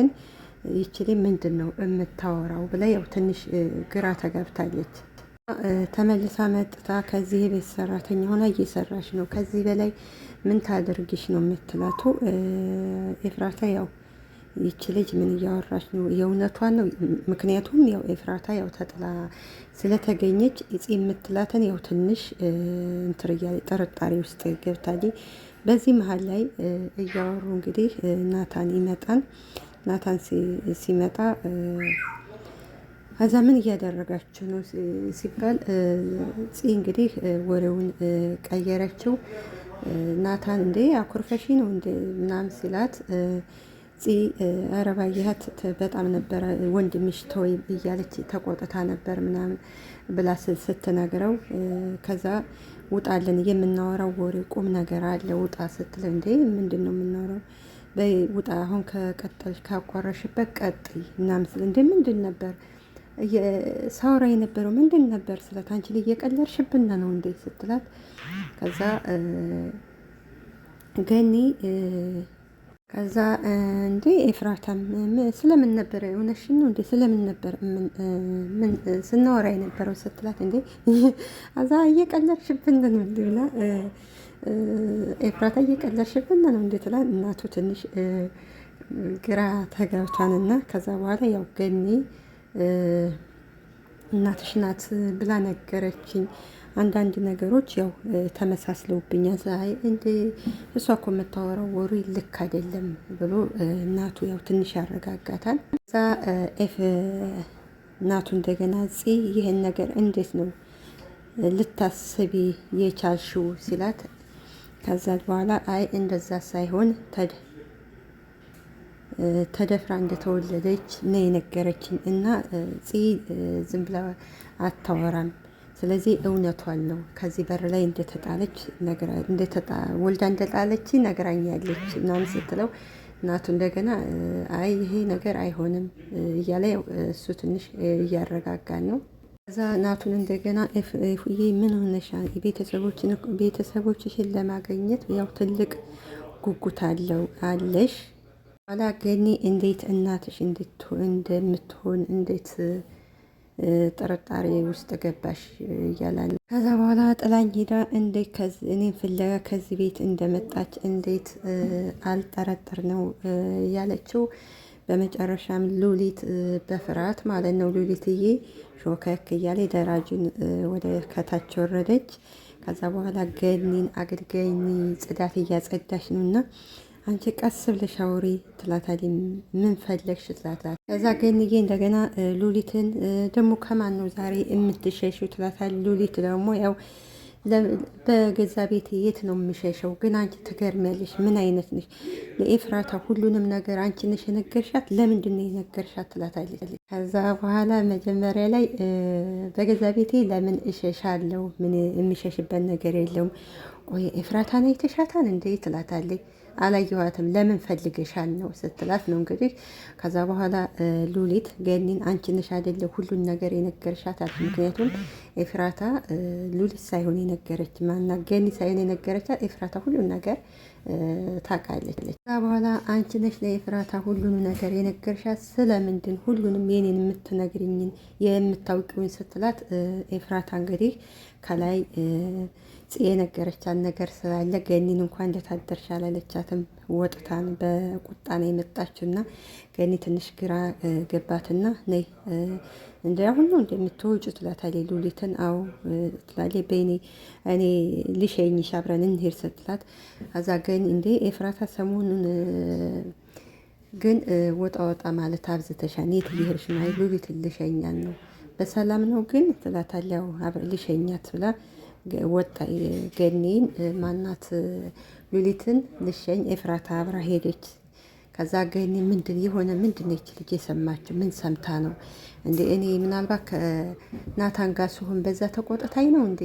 ግን ይችሌ ምንድን ነው የምታወራው ብላ ያው ትንሽ ግራ ተገብታለች። ተመልሳ መጥታ ከዚህ ቤት ሰራተኛ ሆና እየሰራች ነው፣ ከዚህ በላይ ምን ታደርግሽ ነው የምትላቱ ኤፍራታ ያው ይቺ ልጅ ምን እያወራች ነው? የእውነቷን ነው። ምክንያቱም ያው ኤፍራታ ያው ተጥላ ስለተገኘች ጽ የምትላትን ያው ትንሽ እንትርያ ጥርጣሬ ውስጥ ገብታለች። በዚህ መሀል ላይ እያወሩ እንግዲህ ናታን ይመጣል። ናታን ሲመጣ አዛ ምን እያደረጋችሁ ነው ሲባል ፂ እንግዲህ ወሬውን ቀየረችው። ናታን እንዴ አኩርፈሺ ነው እንደ ምናምን ሲላት ፂ አረባያት በጣም ነበረ ወንድምሽ ተወይ እያለች ተቆጥታ ነበር ምናምን ብላ ስትነግረው፣ ከዛ ውጣልን፣ የምናወራው ወሬ ቁም ነገር አለ ውጣ ስትል እንዴ ምንድን ነው የምናወራው በውጣ አሁን ከቀጠል ካቋረሽበት ቀጥይ ምናምን ስለ እንደ ምንድን ነበር ሳውራ የነበረው ምንድን ነበር ስላት፣ አንቺ ላይ እየቀለድሽብና ነው እንዴ ስትላት፣ ከዛ ገኒ ከዛ እንዴ ኤፍራታም ስለምን ነበር እውነሽን ነው እንዴ ስለምን ነበር ምን ስናወራ የነበረው ስትላት፣ እንዴ አዛ እየቀለድሽብን ነው እንዴ ብላ ኤፍራታ እየቀለሽብን ነው እንዴት ላል እናቱ ትንሽ ግራ ተጋብቷንና ከዛ በኋላ ያው ገኒ እናትሽ ናት ብላ ነገረችኝ። አንዳንድ ነገሮች ያው ተመሳስለውብኛል። አይ እንደ እሷ እኮ የምታወራው ወሩ ልክ አይደለም ብሎ እናቱ ያው ትንሽ ያረጋጋታል። እዛ ኤፍ እናቱ እንደገና ጽ ይህን ነገር እንዴት ነው ልታስቢ የቻልሽው ሲላት ከዛ በኋላ አይ እንደዛ ሳይሆን ተደፍራ እንደተወለደች ነው የነገረችኝ እና ጽ ዝም ብላ አታወራም። ስለዚህ እውነቷን ነው ከዚህ በር ላይ እንደተጣለች ወልዳ እንደጣለች ነግራኛለች ምናምን ስትለው እናቱ እንደገና አይ ይሄ ነገር አይሆንም እያለ እሱ ትንሽ እያረጋጋን ነው። ከዛ እናቱን እንደገና ኤፍዬ ምን ሆነሻል? ቤተሰቦችሽን ለማገኘት ያው ትልቅ ጉጉት አለው አለሽ ኋላ ገኒ እንዴት እናትሽ እንደምትሆን እንዴት ጥርጣሬ ውስጥ ገባሽ? እያላለ ከዛ በኋላ ጥላኝ ሄዳ እንዴት እኔም ፍለጋ ከዚህ ቤት እንደመጣች እንዴት አልጠረጥር ነው ያለችው በመጨረሻም ሉሊት በፍርሃት ማለት ነው ሉሊትዬ ሾከክ እያለ ደራጁን ወደ ከታች ወረደች። ከዛ በኋላ ገኒን አገልገኝ ጽዳት እያጸዳሽ ነው እና አንቺ ቀስ ብለሽ አውሪ ትላታለች። ምን ፈለግሽ ትላታለች። ከዛ ገንዬ እንደገና ሉሊትን ደግሞ ከማን ነው ዛሬ የምትሸሹ ትላታል። ሉሊት ደግሞ ያው በገዛ ቤት የት ነው የምሸሸው? ግን አንቺ ትገርሚያለሽ። ምን አይነት ነሽ? ለኤፍራታ ሁሉንም ነገር አንቺ ነሽ የነገርሻት። ለምንድን ነው የነገርሻት? ትላታለች። ከዛ በኋላ መጀመሪያ ላይ በገዛ ቤቴ ለምን እሸሻለሁ? ምን የምሸሽበት ነገር የለውም። ቆይ ኤፍራታን አይተሻታል እንዴ? ትላታለች አላየኋትም ለምን ፈልገሻል ነው ስትላት ነው እንግዲህ። ከዛ በኋላ ሉሊት ገኒን አንቺ ነሽ አይደለ ሁሉን ነገር የነገርሻታል። ምክንያቱም ኤፍራታ ሉሊት ሳይሆን የነገረች ማና ገኒ ሳይሆን የነገረቻት ኤፍራታ ሁሉን ነገር ታውቃለች። ከዛ በኋላ አንቺ ነሽ ለኤፍራታ ሁሉን ነገር የነገርሻት ስለምንድን ሁሉንም የኔን የምትነግርኝን የምታውቂውን ስትላት ኤፍራታ እንግዲህ ከላይ የነገረቻት ነገር ስላለ ገኒን እንኳን እንደታደርሽ አላለቻትም። ወጥታን በቁጣ ነው የመጣችውና ገኒ ትንሽ ግራ ገባትና ነይ እንደ አሁን ነው እንደምትወጪ ትላታለች። ሉሊትን አዎ ትላለች። በእኔ እኔ ልሸኝሽ አብረን እንሄድ ስትላት አዛ ገኒ እንዴ ኤፍራታ ሰሞኑን ግን ወጣ ወጣ ማለት አብዝተሻል፣ የት እየሄድሽ ነው? ሉሊት ልሸኛን ነው በሰላም ነው ግን ትላታለች። ልሸኛት ብላ ወጣ ገኒን ማናት ሉሊትን ልሸኝ ኤፍራታ አብራ ሄደች። ከዛ ገኒ ምንድን የሆነ ምንድን ነች ልጅ የሰማችው ምን ሰምታ ነው እንዴ? እኔ ምናልባት ከናታን ጋር ስሆን በዛ ተቆጥታኝ ነው እንዴ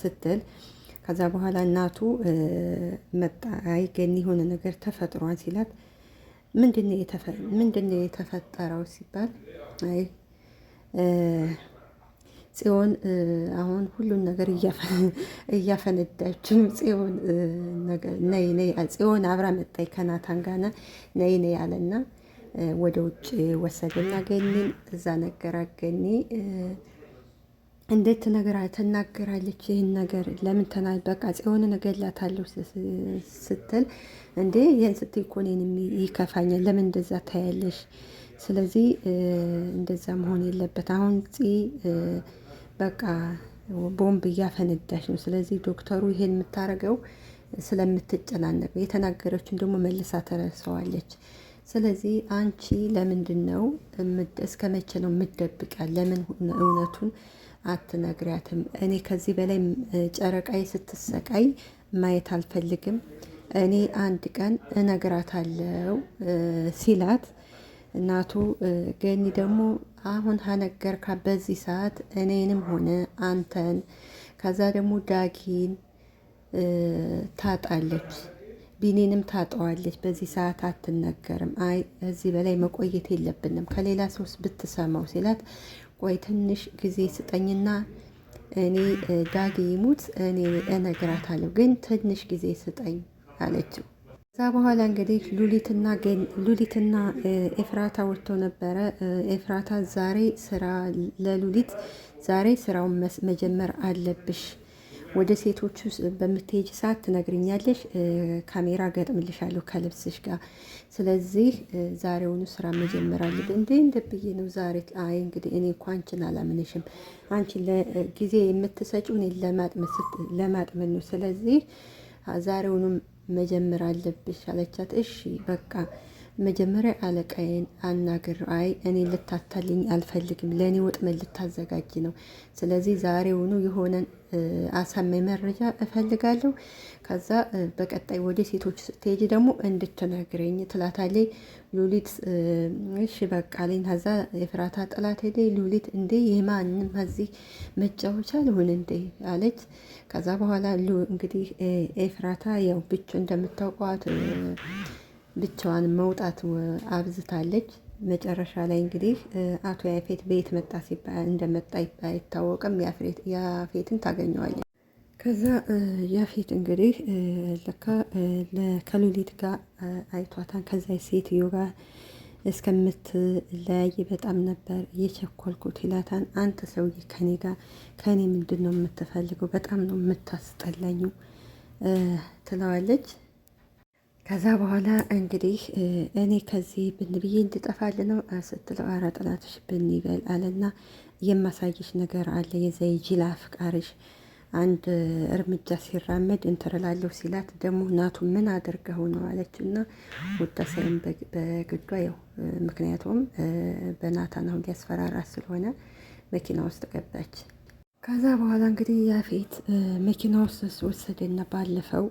ስትል ከዛ በኋላ እናቱ መጣ። አይ ገኒ የሆነ ነገር ተፈጥሯን ሲላት ምንድን ነው የተፈጠረው ሲባል አይ ጽዮን አሁን ሁሉን ነገር እያፈነዳችን ጽዮን ነይ ነይ ጽዮን አብራ መጣይ ከናታን ጋር ነይ ነይ አለና ወደ ውጭ ወሰደና ገኒን እዛ ነገራት። ገኒ እንዴት ተናገራለች? ይህን ነገር ለምን ተናል? በቃ ጽዮን እገላታለሁ ስትል እንዴ ይህን ስትል እኮ እኔንም ይከፋኛል። ለምን እንደዛ ታያለሽ? ስለዚህ እንደዛ መሆን የለበት አሁን ጽ በቃ ቦምብ እያፈነዳች ነው። ስለዚህ ዶክተሩ ይሄን የምታደርገው ስለምትጨናነቅ የተናገረችን ደግሞ መልሳ ተረሰዋለች። ስለዚህ አንቺ ለምንድን ነው እስከ መቼ ነው የምትደብቃት? ለምን እውነቱን አትነግሪያትም? እኔ ከዚህ በላይ ጨረቃዬ ስትሰቃይ ማየት አልፈልግም። እኔ አንድ ቀን እነግራታለው ሲላት እናቱ ገኒ ደግሞ አሁን ከነገርካ በዚህ ሰዓት እኔንም ሆነ አንተን ከዛ ደግሞ ዳጊን ታጣለች፣ ቢኒንም ታጠዋለች። በዚህ ሰዓት አትነገርም። አይ እዚህ በላይ መቆየት የለብንም ከሌላ ሰውስ ብትሰማው ሲላት፣ ቆይ ትንሽ ጊዜ ስጠኝና እኔ ዳጊ ይሙት እኔ እነግራታለሁ፣ ግን ትንሽ ጊዜ ስጠኝ አለችው። ከዛ በኋላ እንግዲህ ሉሊትና ሉሊትና ኤፍራታ ወጥቶ ነበረ። ኤፍራታ ዛሬ ስራ ለሉሊት ዛሬ ስራውን መጀመር አለብሽ፣ ወደ ሴቶቹ በምትሄጅ ሰዓት ትነግርኛለሽ፣ ካሜራ ገጥምልሻለሁ ከልብስሽ ጋር። ስለዚህ ዛሬውኑ ስራ መጀመር አለብሽ። እንዴ እንደ ነው ዛሬ? አይ እንግዲህ እኔ እኮ አንቺን አላምንሽም፣ አንቺ ጊዜ የምትሰጪው እኔን ለማጥመን ነው። ስለዚህ ዛሬውኑም መጀመር አለብሽ አለቻት። እሺ በቃ መጀመሪያ አለቃዬን አናግሬው አይ እኔ ልታታልኝ አልፈልግም፣ ለእኔ ወጥመድ ልታዘጋጅ ነው። ስለዚህ ዛሬውኑ የሆነን አሳማኝ መረጃ እፈልጋለሁ። ከዛ በቀጣይ ወደ ሴቶች ስትሄጅ ደግሞ እንድትነግረኝ ትላታለች። ሉሊት እሺ በቃ አለኝ። ከዛ የፍራታ ጥላት ላይ ሉሊት እንዴ የማንም እዚህ መጫወቻ ልሁን እንዴ አለች። ከዛ በኋላ እንግዲህ ኤፍራታ ያው ብቻ እንደምታውቋት ብቻዋን መውጣት አብዝታለች። መጨረሻ ላይ እንግዲህ አቶ ያፌት ቤት መጣ ሲባል እንደመጣ አይታወቅም። ያፌትን ታገኘዋለች። ከዛ ያፌት እንግዲህ ለካ ከሉሊት ጋር አይቷታን ከዛ ሴትዮ ጋር እስከምትለያይ በጣም ነበር የቸኮልኩት ይላታን። አንተ ሰውዬ ከኔ ጋር ከኔ ምንድን ነው የምትፈልገው? በጣም ነው የምታስጠላኝ ትለዋለች። ከዛ በኋላ እንግዲህ እኔ ከዚህ ብን ብዬ እንድጠፋል ነው ስትለው፣ ኧረ ጥላትሽ ብን ይበል አለና የማሳየሽ ነገር አለ የዘይ ጅል አፍቃሪሽ አንድ እርምጃ ሲራመድ እንትርላለሁ ሲላት ደግሞ እናቱ ምን አድርገው ነው አለች እና ወታሰይም በግዷ ያው ምክንያቱም በናታን አሁን ሊያስፈራራ ስለሆነ መኪና ውስጥ ገባች። ከዛ በኋላ እንግዲህ ያፌት መኪና ውስጥ ወሰደና ባለፈው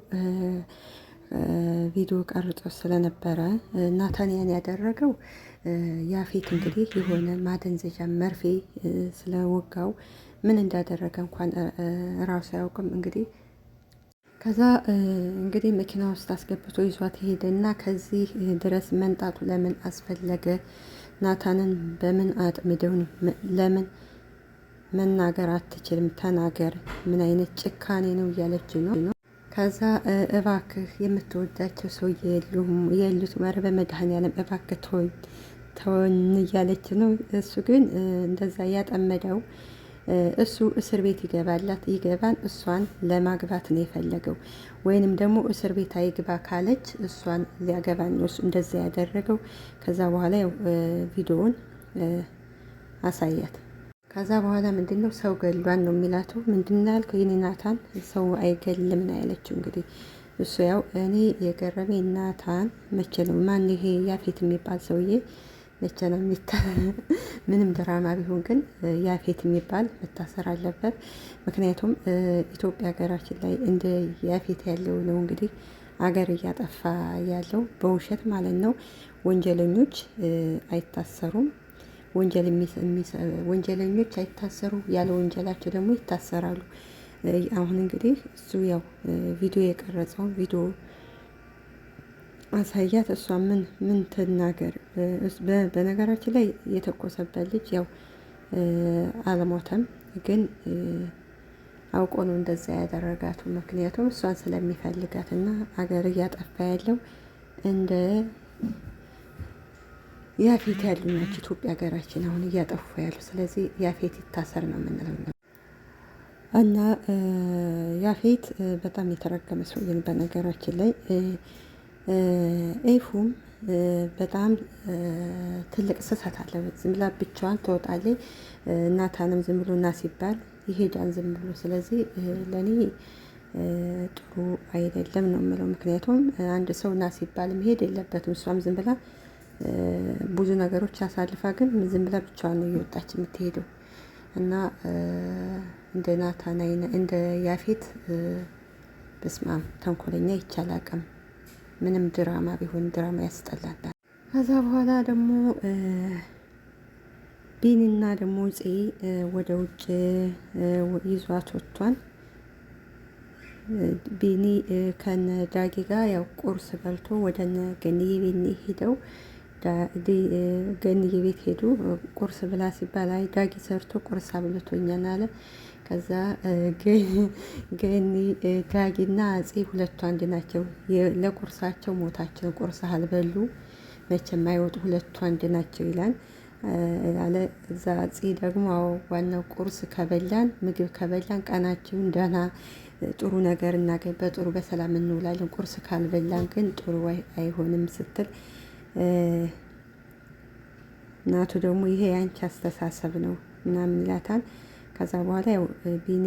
ቪዲዮ ቀርጾ ስለነበረ ናታንያን ያደረገው ያፌት እንግዲህ የሆነ ማደንዘዣ መርፌ ስለወጋው ምን እንዳደረገ እንኳን ራሱ አያውቅም። እንግዲህ ከዛ እንግዲህ መኪና ውስጥ አስገብቶ ይዟት ሄደ እና ከዚህ ድረስ መንጣቱ ለምን አስፈለገ? ናታንን በምን አጥምደውን ለምን መናገር አትችልም? ተናገር። ምን አይነት ጭካኔ ነው እያለች ነው ከዛ እባክህ የምትወዳቸው ሰው የሉት ማረ በመድኃኔዓለም እባክህ ተወኝ ተወን እያለች ነው። እሱ ግን እንደዛ ያጠመደው እሱ እስር ቤት ይገባላት ይገባን እሷን ለማግባት ነው የፈለገው። ወይንም ደግሞ እስር ቤት አይግባ ካለች እሷን ሊያገባን ነው እሱ እንደዛ ያደረገው። ከዛ በኋላ ያው ቪዲዮውን አሳያት። ከዛ በኋላ ምንድን ነው ሰው ገሏን ነው የሚላቱ። ምንድን ነው ያልከው? የኔ ናታን ሰው አይገልም ነው ያለችው። እንግዲህ እሱ ያው እኔ የገረሜ ናታን መቼ ነው ማን ይሄ ያፌት የሚባል ሰውዬ መቼ ነው ምንም ድራማ ቢሆን ግን ያፌት የሚባል መታሰር አለበት። ምክንያቱም ኢትዮጵያ ሀገራችን ላይ እንደ ያፌት ያለው ነው እንግዲህ አገር እያጠፋ ያለው በውሸት ማለት ነው። ወንጀለኞች አይታሰሩም። ወንጀለኞች አይታሰሩ፣ ያለ ወንጀላቸው ደግሞ ይታሰራሉ። አሁን እንግዲህ እሱ ያው ቪዲዮ የቀረጸው ቪዲዮ አሳያት። እሷ ምን ምን ትናገር? በነገራችን ላይ የተኮሰበት ልጅ ያው አልሞተም፣ ግን አውቆ ነው እንደዛ ያደረጋቱ። ምክንያቱም እሷን ስለሚፈልጋት እና አገር እያጠፋ ያለው እንደ ያፌት ያሉ ናቸው ኢትዮጵያ ሀገራችን አሁን እያጠፉ ያሉ። ስለዚህ ያፌት ይታሰር ነው የምንለው እና ያፌት በጣም የተረገመ ሰውዬን በነገራችን ላይ ኤፉም በጣም ትልቅ ስህተት አለ። ዝም ብላ ብቻዋን ትወጣለች። እናታንም ዝም ብሎ እና ሲባል ይሄዳል ዝም ብሎ። ስለዚህ ለእኔ ጥሩ አይደለም ነው የምለው። ምክንያቱም አንድ ሰው እና ሲባል መሄድ የለበትም። እሷም ዝም ብላ ብዙ ነገሮች አሳልፋ ግን ዝም ብላ ብቻዋን ነው እየወጣች የምትሄደው እና እንደ ናታን እንደ ያፌት በስማም ተንኮለኛ ይቻላቅም ምንም ድራማ ቢሆን ድራማ ያስጠላል። ከዛ በኋላ ደግሞ ቢኒና ደግሞ ጽ ወደ ውጭ ይዟት ወጥቷል። ቢኒ ከነ ዳጊ ጋር ያው ቁርስ በልቶ ወደ ገኒ ሄደው ገንዬ ቤት ሄዱ። ቁርስ ብላ ሲባል አይ ዳጊ ሰርቶ ቁርስ አብልቶኛል አለ። ከዛ ገኒ ዳጊና አጼ ሁለቱ አንድ ናቸው። ለቁርሳቸው ሞታቸው ቁርስ አልበሉ መቼም አይወጡ ሁለቱ አንድ ናቸው ይላል አለ። እዛ አጼ ደግሞ አዎ ዋናው ቁርስ ከበላን ምግብ ከበላን ቀናችን ደህና ጥሩ ነገር እናገኝ በጥሩ በሰላም እንውላለን። ቁርስ ካልበላን ግን ጥሩ አይሆንም ስትል እናቱ ደግሞ ይሄ ያንቺ አስተሳሰብ ነው ምናምን ይላታል። ከዛ በኋላ ያው ቢኒ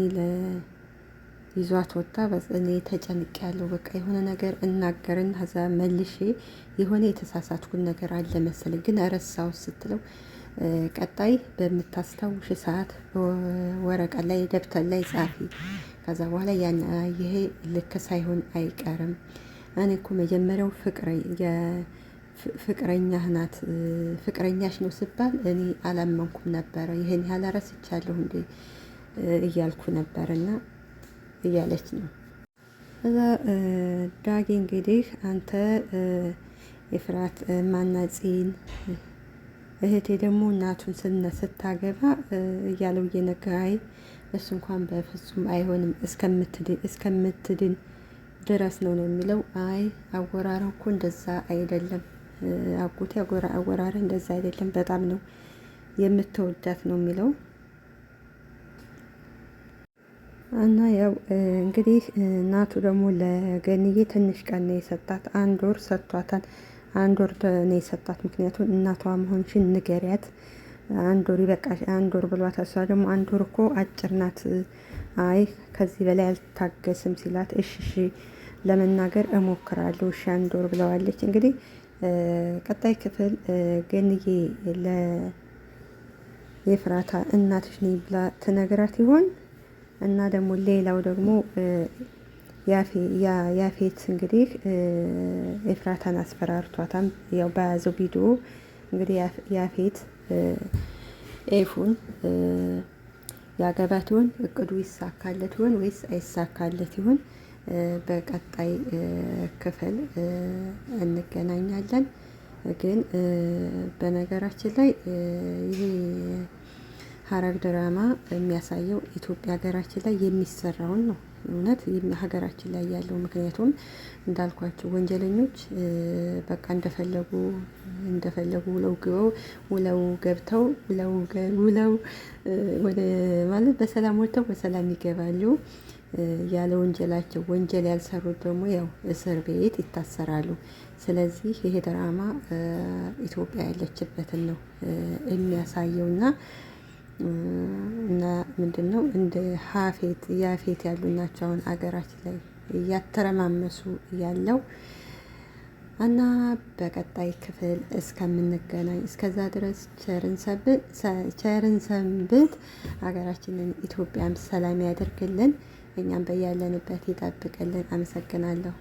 ይዟት ወጣ። እኔ ተጨንቅ ያለው በቃ የሆነ ነገር እናገርን ከዛ መልሼ የሆነ የተሳሳትኩን ነገር አለ መሰለኝ ግን ረሳው ስትለው ቀጣይ በምታስታውሽ ሰዓት ወረቀት ላይ ደብተር ላይ ጻፊ። ከዛ በኋላ ያን ይሄ ልክ ሳይሆን አይቀርም። እኔ እኮ መጀመሪያው ፍቅር ፍቅረኛህ ናት ፍቅረኛሽ ነው ስባል እኔ አላመንኩም ነበረ። ይህን ያህል ረስቻለሁ እንዴ እያልኩ ነበርና እያለች ነው። እዛ ዳጊ እንግዲህ አንተ የፍራት ማናጺን እህቴ ደግሞ እናቱን ስነ ስታገባ እያለው እየነገራይ እሱ እንኳን በፍጹም አይሆንም እስከምትድን ድረስ ነው ነው የሚለው። አይ አወራረኩ እኮ እንደዛ አይደለም አጎቴ አወራረ እንደዛ አይደለም፣ በጣም ነው የምትወዳት ነው የሚለው እና ያው እንግዲህ እናቱ ደግሞ ለገንዬ ትንሽ ቀን ነው የሰጣት። አንድ ወር ሰጥቷታል። አንድ ወር ነው የሰጣት። ምክንያቱም እናቷ መሆንሽን ንገሪያት፣ አንድ ወር ይበቃሽ፣ አንድ ወር ብሏት፣ እሷ ደግሞ አንድ ወር እኮ አጭር ናት፣ አይ ከዚህ በላይ አልታገስም ሲላት፣ እሺ እሺ ለመናገር እሞክራለሁ፣ እሺ አንድ ወር ብለዋለች እንግዲህ ቀጣይ ክፍል ገንዬ የፍራታ እናትሽ ነኝ ብላ ትነግራት ይሆን? እና ደግሞ ሌላው ደግሞ ያፌት እንግዲህ ኤፍራታን አስፈራርቷታም። ያው በያዘው ቪዲዮ እንግዲህ ያፌት ኤፉን ያገባት ይሆን? እቅዱ ይሳካለት ይሆን ወይስ አይሳካለት ይሆን? በቀጣይ ክፍል እንገናኛለን። ግን በነገራችን ላይ ይሄ ሐረግ ድራማ የሚያሳየው ኢትዮጵያ ሀገራችን ላይ የሚሰራውን ነው። እውነት ሀገራችን ላይ ያለው ምክንያቱም እንዳልኳቸው ወንጀለኞች በቃ እንደፈለጉ እንደፈለጉ ውለው ግበው ውለው ገብተው ውለው ውለው ማለት በሰላም ወጥተው በሰላም ይገባሉ። ያለ ወንጀላቸው ወንጀል ያልሰሩት ደግሞ ያው እስር ቤት ይታሰራሉ። ስለዚህ ይሄ ድራማ ኢትዮጵያ ያለችበትን ነው የሚያሳየው እና እና ምንድን ነው እንደ ሀፌት ያፌት ያሉ ናቸው አሁን አገራችን ላይ እያተረማመሱ ያለው እና በቀጣይ ክፍል እስከምንገናኝ እስከዛ ድረስ ቸርን ሰንብት። ሀገራችንን ኢትዮጵያም ሰላም ያደርግልን። እኛም በያለንበት ይጠብቅልን። አመሰግናለሁ።